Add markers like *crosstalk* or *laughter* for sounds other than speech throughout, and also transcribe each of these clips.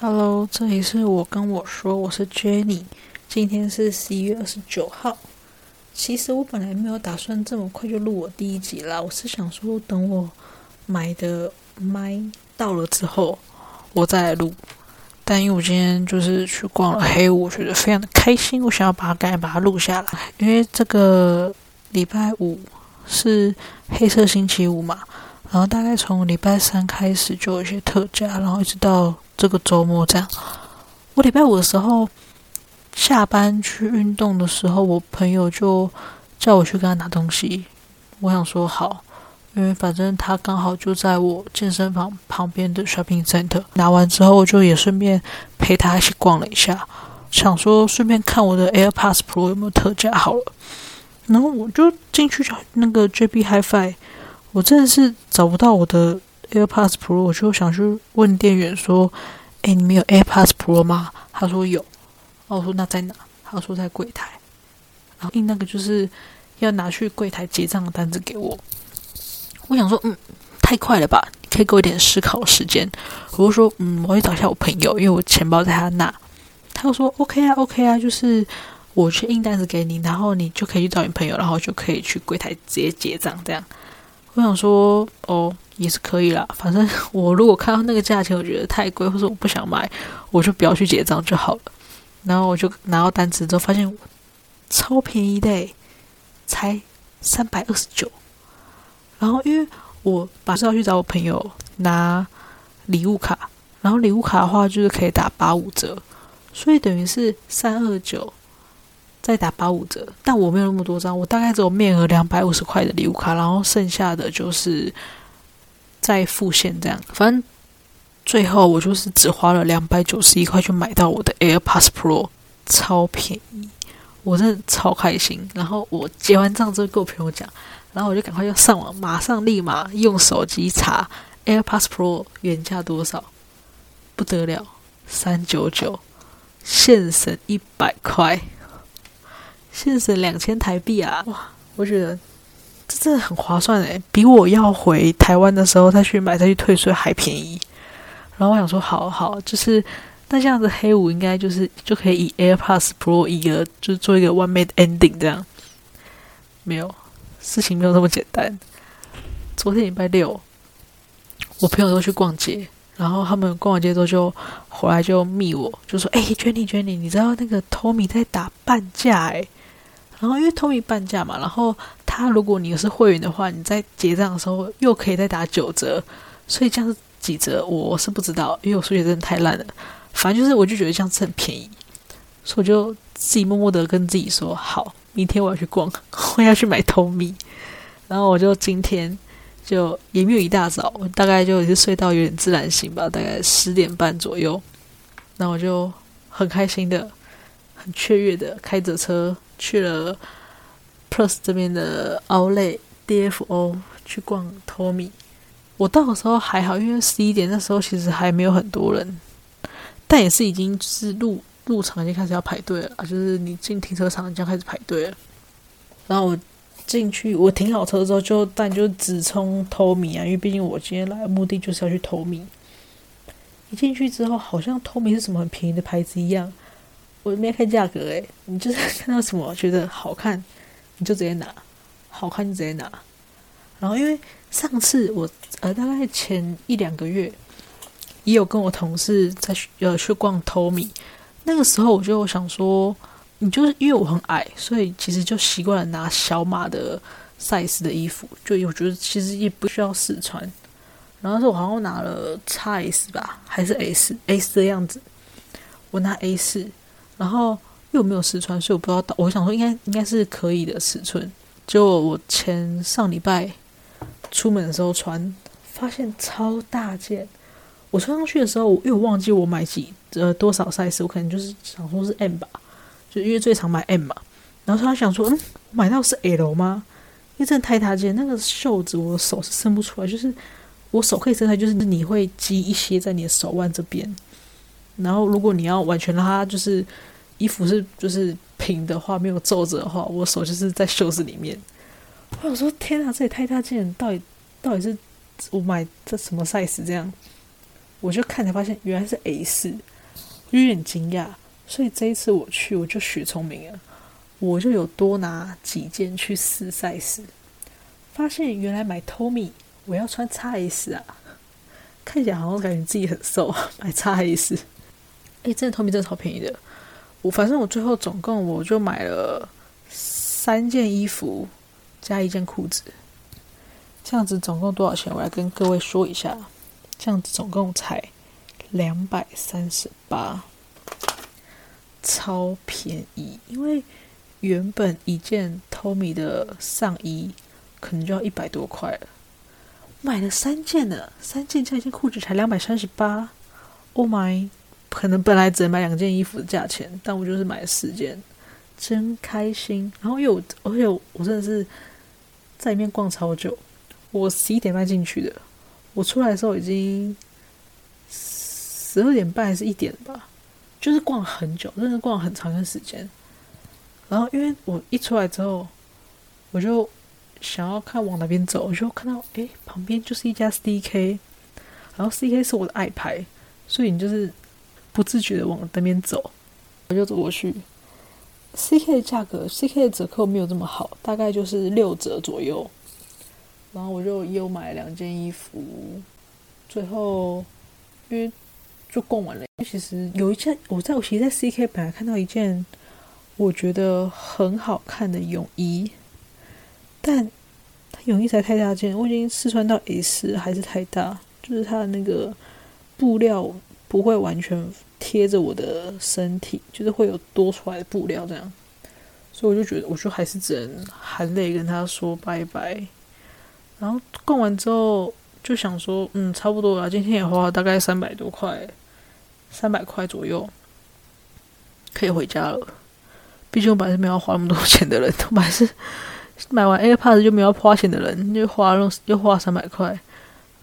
哈嘍，這裡是我跟我說，我是 Jenny，今天是十一月二十九號。其實我本來沒有打算這麼快就錄我第一集啦，我是想說等我買的麥到了之後我再錄。但因為我今天就是去逛了黑五，oh. 我覺得非常的開心，我想要把它趕緊把它錄下來，因為這個禮拜五是黑色星期五嘛。然後大概從禮拜三開始就有一些特價，然後一直到這個周末這樣。我禮拜五的時候下班去運動的時候，我朋友就叫我去跟他拿東西。我想說好，因為反正他剛好就在我健身房旁邊的 Shopping Center。拿完之後我就也順便陪他一起逛了一下，想說順便看我的 AirPods Pro 有沒有特價好了。然後我就進去找那個 JB HiFi。我真的是找不到我的 AirPods Pro，我就想去問店員說：“誒、欸，你們有 AirPods Pro 嗎？”他說有，然後我說：“那在哪？”他說在櫃檯，然後印那個就是要拿去櫃檯結賬的單子給我。我想說：“嗯，太快了吧，可以給我一點思考時間。”我就說：“嗯，我要找一下我朋友，因為我錢包在他那。”他就說：“OK 啊，OK 啊，就是我去印單子給你，然後你就可以去找你朋友，然後就可以去櫃檯直接結賬，這樣。”我想說，哦，也是可以啦。反正我如果看到那個價錢，我覺得太貴，或者我不想買，我就不要去結賬就好了。然後我就拿到單子之後，發現超便宜的、欸，才三百二十九。然後因為我馬上要去找我朋友拿禮物卡，然後禮物卡的話就是可以打八五折，所以等於是三二九。再打八五折，但我沒有那麼多張，我大概只有面額兩百五十塊的禮物卡，然後剩下的就是再付現這樣。反正最後我就是只花了兩百九十一塊就買到我的 AirPods Pro，超便宜，我真的超開心。然後我結完賬之後，跟我朋友講，然後我就趕快要上網，馬上立馬用手機查 AirPods Pro 原價多少，不得了，三九九，現省一百塊。現在是兩千台幣啊，哇！我覺得這真的很划算誒，比我要回台灣的時候再去買再去退稅還便宜。然後我想說，好好，就是那這樣子，黑五應該就是就可以以 AirPods Pro 一個就是做一個完美的 ending 這樣。沒有，事情沒有那麼簡單。昨天禮拜六，我朋友都去逛街，然後他們逛完街之後就回來就密我，就說：“誒娟弟娟弟，Jenny, Jenny, 你知道那個 Tommy 在打半價誒。然後因為 Tommy 半價嘛，然後他如果你是會員的話，你在結賬的時候又可以再打九折，所以這樣子幾折我是不知道，因為我數學真的太爛了。反正就是我就覺得這樣子很便宜，所以我就自己默默的跟自己說：“好，明天我要去逛，我要去買 Tommy。”然後我就今天就也沒有一大早，我大概就也是睡到有點自然醒吧，大概十點半左右，那我就很開心的、很雀躍的開着車。去了 Plus 這邊的奧萊 DFO 去逛 Tommy，我到的時候還好，因為十一點那時候其實還沒有很多人，但也是已經是入入場，已經，就是，場就開始要排隊了啊，就是你進停車場就要開始排隊了。然後我進去，我停好車之後就但就直衝 Tommy 啊，因為畢竟我今天來的目的就是要去 Tommy。一進去之後，好像 Tommy 是什麼很便宜的牌子一樣。我沒看價格誒、欸，你就是看到什麼我覺得好看，你就直接拿，好看就直接拿。然後因為上次我呃大概前一兩個月也有跟我同事在去呃去逛 Tommy，那個時候我就想說，你就是因為我很矮，所以其實就習慣了拿小碼的 size 的衣服，就我覺得其實也不需要試穿。然後是我好像拿了 XS 吧，還是 s，s 的樣子，我拿 A4。然後又沒有試穿，所以我不知道到。我想說應該應該是可以的尺寸。結果我前上禮拜出門的時候穿，發現超大件。我穿上去的時候，我又忘記我買幾呃多少 size，我可能就是想說是 M 吧，就因為最常買 M 嘛。然後突然想說，嗯，我買到是 L 嗎？因為真的太大件，那個袖子我手是伸不出來，就是我手可以伸出來，就是你會擠一些在你的手腕這邊。然後，如果你要完全拉，就是衣服是就是平的話，沒有皺褶的話，我手就是在袖子裡面。我我說天哪，這也太大件，到底到底是我買、oh、這什麼 size 這樣？我就看才發現原來是 A 四，有點驚訝。所以這一次我去，我就學聰明了，我就有多拿幾件去試 size，發現原來買 Tommy 我要穿 X S 啊，看起來好像感覺自己很瘦啊，買 X S。誒，真的 Tommy 真的超便宜的。我反正我最後總共我就買，了三件衣服加一件褲子，這樣子總共多少錢？我來跟各位說一下，這樣子總共才兩百三十八，超便宜。因為原本一件 Tommy 的上衣可能就要一百多塊了，買了三件呢，三件加一件褲子才兩百三十八。Oh my！可能本來只能買兩件衣服的價錢，但我就是買了四件，真開心。然後又，而且我真的是在裡面逛超久，我十一點半進去的，我出來的時候已經十二點半還是一點吧，就是逛很久，真的逛很長一段時間。然後因為我一出來之後，我就想要看往哪邊走，我就看到誒，旁邊就是一家 CK，然後 CK 是我的愛牌，所以你就是。不自覺的往那邊走，我就走過去。CK 的價格，CK 的折扣沒有這麼好，大概就是六折左右。然後我就又買了兩件衣服，最後因為就逛完了。其實有一件我在，我其實在 CK 本來看到一件我覺得很好看的泳衣，但它泳衣才太大件，我已經試穿到 S 還是太大，就是它的那個布料。不會完全貼着我的身體，就是會有多出來的布料這樣，所以我就覺得，我就還是只能含淚跟他說拜拜。然後逛完之後就想說，嗯，差不多了，今天也花了大概三百多塊，三百塊左右，可以回家了。畢竟我本來是沒有花那麼多錢的人，我本來是買完 AirPods 就沒有花錢的人，又花又花三百塊。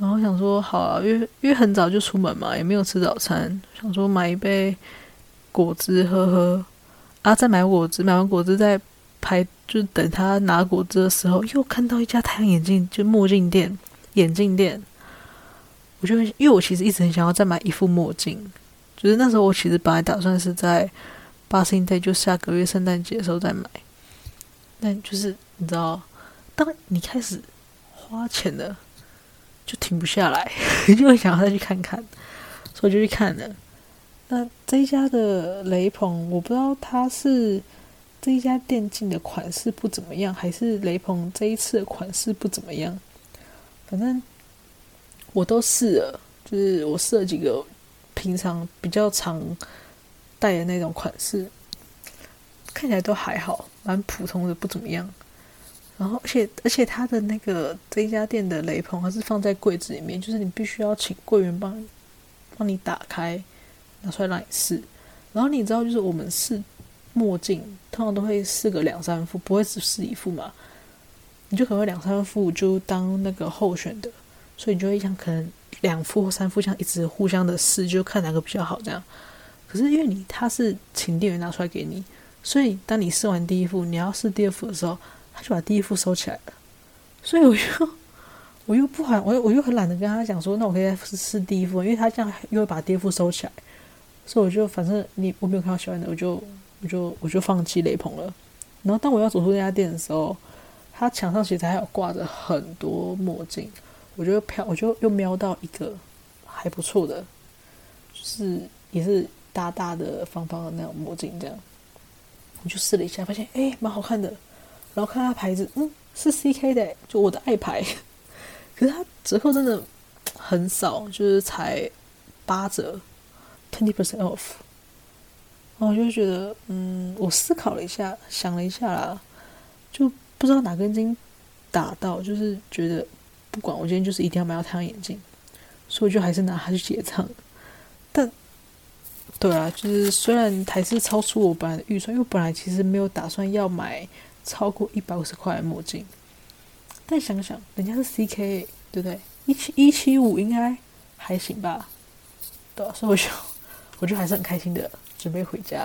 然後想說好啊，因為因為很早就出門嘛，也沒有吃早餐，想說買一杯果汁喝喝啊，再買果汁，買完果汁再排，就是等他拿果汁的時候，又看到一家太陽眼鏡，就墨鏡店、眼鏡店，我就很，因為我其實一直很想要再買一副墨鏡，就是那時候我其實本來打算是在 Boxing Day 就下個月聖誕節的時候再買，但就是你知道，當你開始花錢了。就停不下來， *laughs* 就會想要再去看看，所以就去看了。那這一家的雷朋，我不知道它是這一家店進的款式不怎麼樣，還是雷朋這一次的款式不怎麼樣。反正我都試了，就是我試了幾個平常比較常戴的那種款式，看起來都還好，蠻普通的，不怎麼樣。然後，而且，而且他的那個這一家店的雷朋還是放在櫃子裡面，就是你必須要請櫃員幫幫你打開，拿出來讓你試。然後你知道，就是我們試墨鏡通常都會試個兩三副，不會只試一副嘛？你就可能會兩三副就當那個候選的，所以你就會想可能兩副或三副像一直互相的試，就看哪個比較好這樣。可是因為你他是請店員拿出來給你，所以當你試完第一副，你要試第二副的時候。他就把第一副收起來了，所以我就我又不好，我又我又很懶得跟他講說，那我可以試試第一副，因為他這樣又會把第一副收起來。所以我就反正你我沒有看到喜歡的，我就我就我就放棄雷朋了。然後當我要走出那家店的時候，他牆上其實還有掛着很多墨鏡，我就瞟，我就又瞄到一個還不錯的，就是也是大大的方方的那種墨鏡，這樣，我就試了一下，發現哎，蠻好看的。然後看它牌子，嗯，是 CK 的，就我的愛牌。可是它折扣真的很少，就是才八折，twenty percent off。然後我就覺得，嗯，我思考了一下，想了一下啦，就不知道哪根筋打到，就是覺得不管，我今天就是一定要買到太陽眼鏡，所以就還是拿它去結賬。但，對啊，就是雖然還是超出我本來的預算，因為我本來其實沒有打算要買。超過一百五十塊的墨鏡，但想想人家是 CK，對不對？一七一七五應該還行吧，對，所以我就我就還是很開心的，準備回家。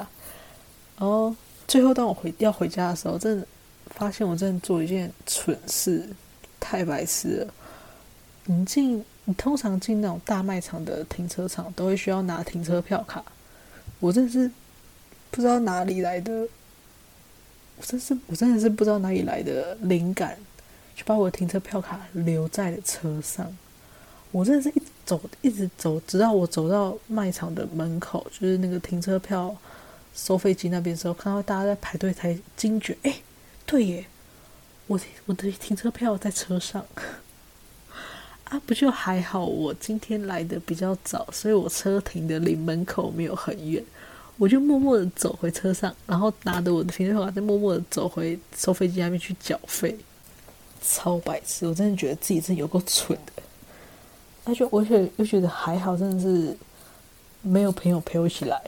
然後最後，當我回要回家的時候，真的發現我真的做一件蠢事，太白痴了。你進，你通常進那種大賣場的停車場，都會需要拿停車票卡。我真是不知道哪裡來的。我真是，我真的是不知道哪裡來的靈感，就把我的停車票卡留在了車上。我真的是一直走，一直走，直到我走到賣場的門口，就是那個停車票收費機那邊的時候，看到大家在排隊，才驚覺：誒，對耶，我我的停車票在車上啊！不就還好，我今天來的比較早，所以我車停的離門口沒有很遠。我就默默的走回車上，然後拿着我的行李盒，再默默的走回收費機那邊去繳費。超白痴！我真的覺得自己是有夠蠢的。而且我，而且又覺得還好，真的是沒有朋友陪我一起來，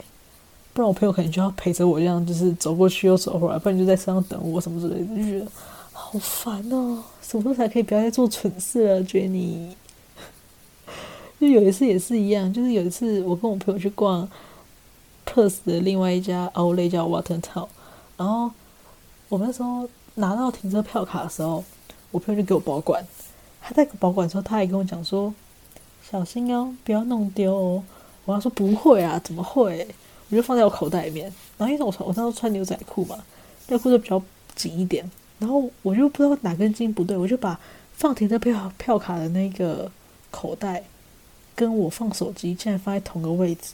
不然我朋友可能就要陪着我這樣，就是走過去又走回來，不然你就在車上等我什麼之類的。就覺得好煩哦！什麼時候才可以不要再做蠢事了，杰你 *laughs* 就有一次也是一樣，就是有一次我跟我朋友去逛。特斯的另外一家 Outlet，啊、叫 Water Tower。然後我們那時候拿到停車票卡的時候，我朋友就給我保管。他在保管的時候，他還跟我講說：“小心哦，不要弄丟哦。”我要說：“不會啊，怎麼會？”我就放在我口袋裡面。然後因為我，我當時我那時候穿牛仔褲嘛，牛仔褲就比較緊一點，然後我就不知道哪根筋不對，我就把放停車票票卡的那個口袋跟我放手機，竟然放在同個位置。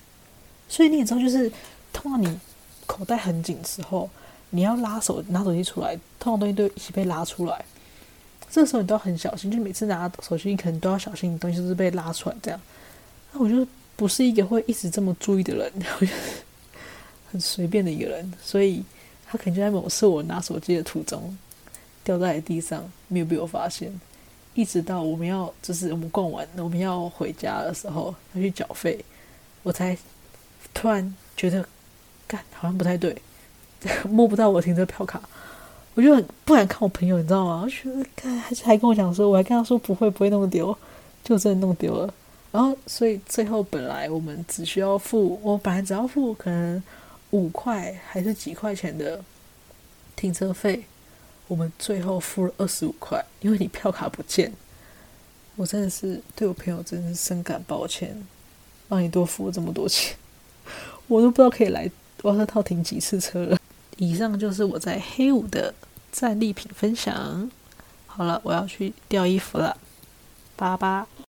所以你也知道，就是，通常你口袋很緊的時候，你要拉手拿手機出來，通常東西都一起被拉出來。這個時候你都要很小心，就每次拿手機，你可能都要小心，東西都是被拉出來這樣。那我就不是一個會一直這麼注意的人，我就很隨便的一個人。所以他可能就在某次我拿手機的途中掉在地上，沒有被我發現。一直到我們要就是我們逛完，我們要回家的時候要去繳費，我才。突然覺得，幹，好像不太對，摸不到我停車票卡，我就很不敢看我朋友，你知道嗎？我覺得幹還是還跟我講說，我還跟他說不會不會弄丟，就真的弄丟了。然後所以最後本來我們只需要付，我本來只要付可能五塊還是幾塊錢的停車費，我們最後付了二十五塊，因為你票卡不見，我真的是對我朋友真的是深感抱歉，讓你多付了這麼多錢。我都不知道可以來挖特套停幾次車了。以上就是我在黑五的戰利品分享。好了，我要去掉衣服了，拜拜。